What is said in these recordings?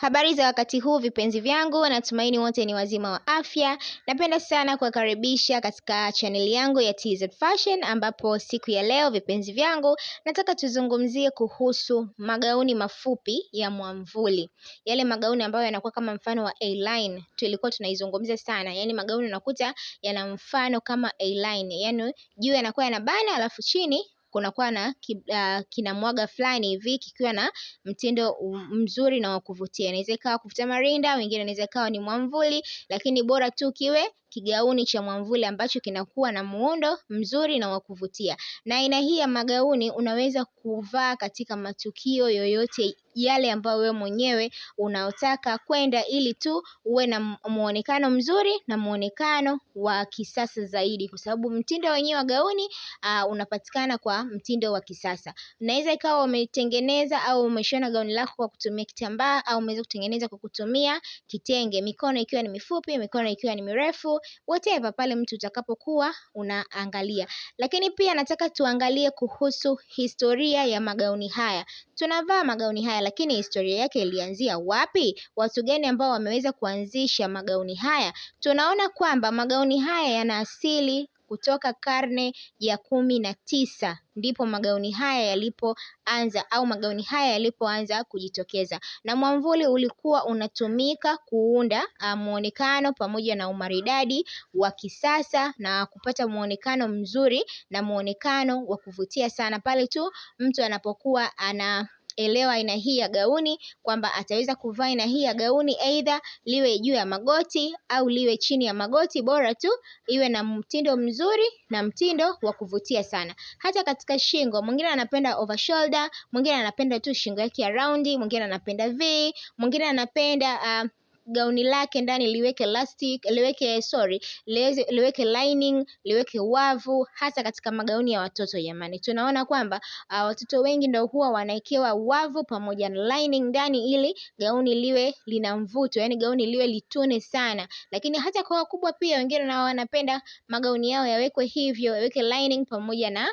Habari za wakati huu vipenzi vyangu, natumaini wote ni wazima wa afya. Napenda sana kuwakaribisha katika chaneli yangu ya TZ Fashion, ambapo siku ya leo vipenzi vyangu, nataka tuzungumzie kuhusu magauni mafupi ya mwamvuli, yale magauni ambayo yanakuwa kama mfano wa A-line. Tulikuwa tunaizungumza sana, yaani magauni unakuta yana mfano kama A-line, yaani juu yanakuwa yanabana, alafu chini kunakuwa na ah, kinamwaga fulani hivi kikiwa na mtindo mzuri na wa kuvutia. Inaweza ikawa kufuta marinda, wengine inaweza ikawa ni mwamvuli, lakini bora tu kiwe kigauni cha mwamvuli ambacho kinakuwa na muundo mzuri na wa kuvutia. Na aina hii ya magauni unaweza kuvaa katika matukio yoyote yale ambayo wewe mwenyewe unaotaka kwenda ili tu uwe na muonekano mzuri na muonekano wa kisasa zaidi, kwa sababu mtindo wenyewe wa gauni uh, unapatikana kwa mtindo wa kisasa. Unaweza ikawa umetengeneza au umeshona gauni lako kwa kutumia kitambaa au umeweza kutengeneza kwa kutumia kitenge, mikono ikiwa ni mifupi, mikono ikiwa ni mirefu, whatever pale mtu utakapokuwa unaangalia. Lakini pia nataka tuangalie kuhusu historia ya magauni haya. Tunavaa magauni haya lakini historia yake ilianzia wapi? Watu gani ambao wameweza kuanzisha magauni haya? Tunaona kwamba magauni haya yana asili kutoka karne ya kumi na tisa ndipo magauni haya yalipoanza au magauni haya yalipoanza kujitokeza, na mwamvuli ulikuwa unatumika kuunda ah, muonekano pamoja na umaridadi wa kisasa na kupata muonekano mzuri na muonekano wa kuvutia sana pale tu mtu anapokuwa ana elewa aina hii ya gauni kwamba ataweza kuvaa aina hii ya gauni aidha liwe juu ya magoti au liwe chini ya magoti, bora tu iwe na mtindo mzuri na mtindo wa kuvutia sana. Hata katika shingo, mwingine anapenda over shoulder, mwingine anapenda tu shingo yake ya raundi, mwingine anapenda V, mwingine anapenda uh, gauni lake ndani liweke elastic liweke sorry liweze, liweke lining liweke wavu hasa katika magauni ya watoto jamani tunaona kwamba uh, watoto wengi ndio huwa wanaekewa wavu pamoja na lining ndani ili gauni liwe lina mvuto yani gauni liwe litune sana lakini hata kwa wakubwa pia wengine nao wanapenda magauni yao yawekwe hivyo yaweke lining pamoja na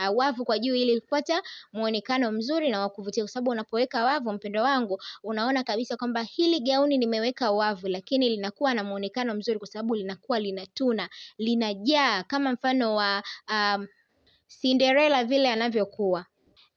Ah, wavu kwa juu ili kupata muonekano mzuri na wa kuvutia kwa sababu unapoweka wavu mpendo wangu unaona kabisa kwamba hili gauni nimeweka wavu lakini linakuwa na muonekano mzuri kwa sababu linakuwa linatuna linajaa kama mfano wa um, Cinderella vile anavyokuwa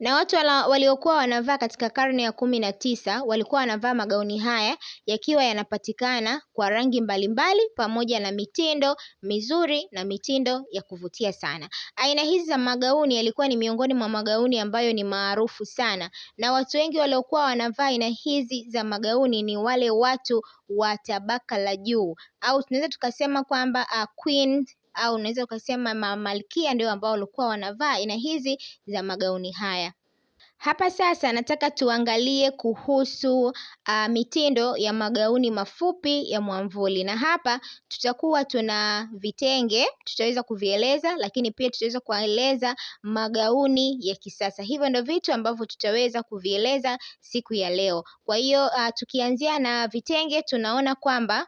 na watu waliokuwa wanavaa katika karne ya kumi na tisa walikuwa wanavaa magauni haya yakiwa yanapatikana kwa rangi mbalimbali pamoja na mitindo mizuri na mitindo ya kuvutia sana. Aina hizi za magauni yalikuwa ni miongoni mwa magauni ambayo ni maarufu sana na watu wengi waliokuwa wanavaa aina hizi za magauni ni wale watu wa tabaka la juu au tunaweza tukasema kwamba ah, queen au unaweza ukasema mamalkia ndio ambao walikuwa wanavaa aina hizi za magauni haya. Hapa sasa nataka tuangalie kuhusu uh, mitindo ya magauni mafupi ya mwamvuli, na hapa tutakuwa tuna vitenge tutaweza kuvieleza, lakini pia tutaweza kueleza magauni ya kisasa. Hivyo ndio vitu ambavyo tutaweza kuvieleza siku ya leo. Kwa hiyo uh, tukianzia na vitenge tunaona kwamba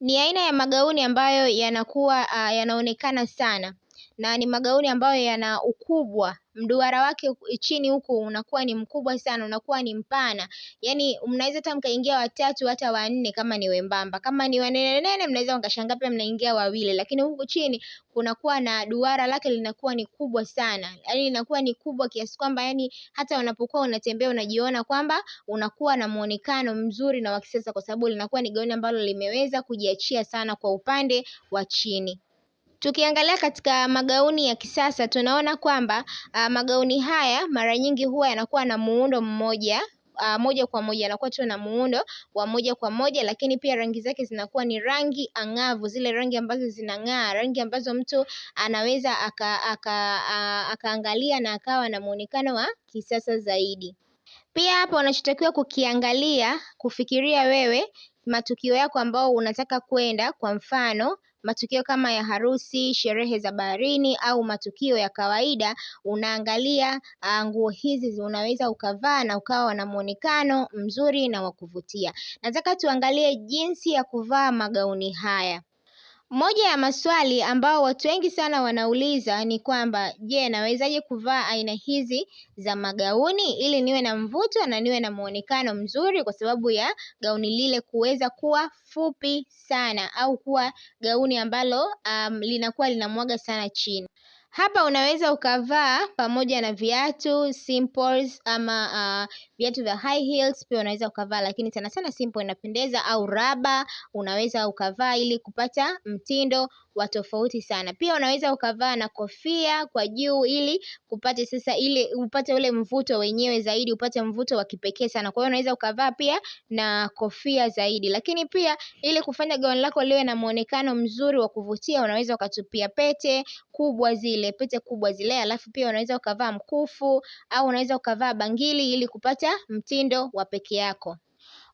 ni aina ya magauni ambayo yanakuwa ah, yanaonekana sana na ni magauni ambayo yana ukubwa mduara wake chini huku unakuwa ni mkubwa sana unakuwa ni mpana yaani mnaweza hata mkaingia watatu hata wanne kama ni wembamba kama ni wanenenene mnaweza mkashangaa pia mnaingia wawili lakini huku chini kunakuwa na duara lake linakuwa ni kubwa sana yaani linakuwa ni kubwa kiasi kwamba yaani hata unapokuwa unatembea unajiona kwamba unakuwa na muonekano mzuri na wa kisasa kwa sababu linakuwa ni gauni ambalo limeweza kujiachia sana kwa upande wa chini. Tukiangalia katika magauni ya kisasa tunaona kwamba ah, magauni haya mara nyingi huwa yanakuwa na muundo mmoja ah, moja kwa moja yanakuwa tu na muundo wa moja kwa moja lakini pia rangi zake zinakuwa ni rangi ang'avu zile rangi ambazo zinang'aa rangi ambazo mtu anaweza akaangalia na akawa na muonekano wa kisasa zaidi. Pia hapa unachotakiwa kukiangalia kufikiria wewe matukio yako ambao unataka kwenda kwa mfano matukio kama ya harusi, sherehe za baharini au matukio ya kawaida unaangalia ah, nguo hizi unaweza ukavaa na ukawa na muonekano mzuri na wa kuvutia. Nataka tuangalie jinsi ya kuvaa magauni haya. Moja ya maswali ambao watu wengi sana wanauliza ni kwamba je, nawezaje kuvaa aina hizi za magauni ili niwe na mvuto na niwe na muonekano mzuri kwa sababu ya gauni lile kuweza kuwa fupi sana au kuwa gauni ambalo um, linakuwa linamwaga sana chini. Hapa unaweza ukavaa pamoja na viatu simples ama uh, viatu vya high heels pia unaweza ukavaa, lakini sana sana simple inapendeza, au raba unaweza ukavaa ili kupata mtindo wa tofauti sana. Pia unaweza ukavaa na kofia kwa juu ili kupate sasa ile upate ule mvuto wenyewe zaidi, upate mvuto wa kipekee sana. Kwa hiyo unaweza ukavaa pia na kofia zaidi, lakini pia ili kufanya gauni lako liwe na muonekano mzuri wa kuvutia, unaweza ukatupia pete kubwa zile pete kubwa zile, alafu pia unaweza ukavaa mkufu au unaweza ukavaa bangili ili kupata mtindo wa peke yako.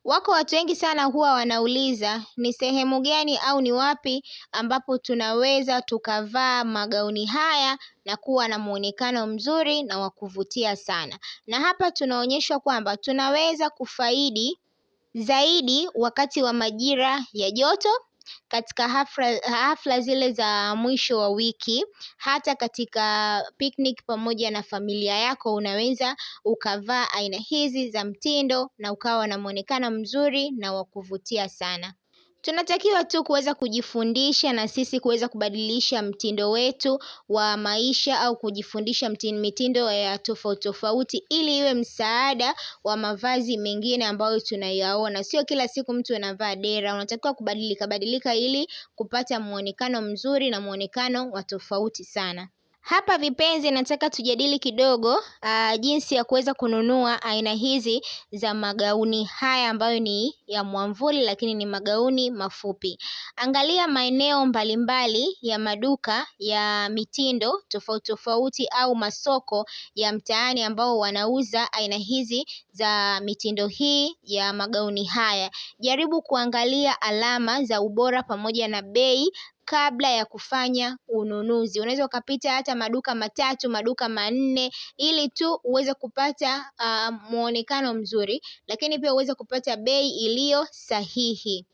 Wako watu wengi sana huwa wanauliza ni sehemu gani au ni wapi ambapo tunaweza tukavaa magauni haya na kuwa na muonekano mzuri na wa kuvutia sana. Na hapa tunaonyeshwa kwamba tunaweza kufaidi zaidi wakati wa majira ya joto katika hafla zile za mwisho wa wiki hata katika picnic pamoja na familia yako unaweza ukavaa aina hizi za mtindo na ukawa na muonekano mzuri na wa kuvutia sana tunatakiwa tu kuweza kujifundisha na sisi kuweza kubadilisha mtindo wetu wa maisha au kujifundisha mitindo ya tofauti tofauti ili iwe msaada wa mavazi mengine ambayo tunayaona sio kila siku mtu anavaa dera unatakiwa kubadilika badilika ili kupata muonekano mzuri na muonekano wa tofauti sana hapa vipenzi, nataka tujadili kidogo uh, jinsi ya kuweza kununua aina hizi za magauni haya ambayo ni ya mwamvuli lakini ni magauni mafupi. Angalia maeneo mbalimbali ya maduka ya mitindo tofauti tofauti au masoko ya mtaani ambao wanauza aina hizi za mitindo hii ya magauni haya. Jaribu kuangalia alama za ubora pamoja na bei kabla ya kufanya ununuzi. Unaweza ukapita hata maduka matatu, maduka manne ili tu uweze kupata ah, muonekano mzuri, lakini pia uweze kupata bei iliyo sahihi.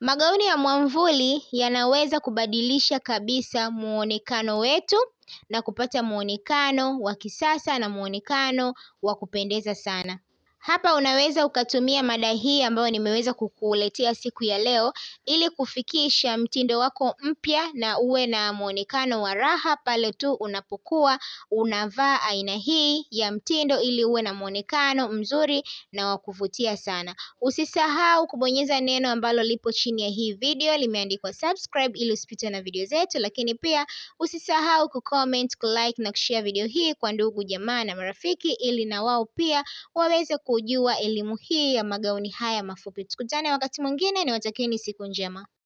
Magauni ya mwamvuli yanaweza kubadilisha kabisa muonekano wetu na kupata muonekano wa kisasa na muonekano wa kupendeza sana. Hapa unaweza ukatumia mada hii ambayo nimeweza kukuletea siku ya leo ili kufikisha mtindo wako mpya na uwe na muonekano wa raha pale tu unapokuwa unavaa aina hii ya mtindo ili uwe na muonekano mzuri na wa kuvutia sana. Usisahau kubonyeza neno ambalo lipo chini ya hii video limeandikwa subscribe ili usipitwe na video zetu, lakini pia usisahau kucomment, kulike na kushare video hii kwa ndugu jamaa na marafiki ili na wao pia waweze kujua elimu hii ya magauni haya mafupi. Tukutane wakati mwingine, niwatakieni siku njema.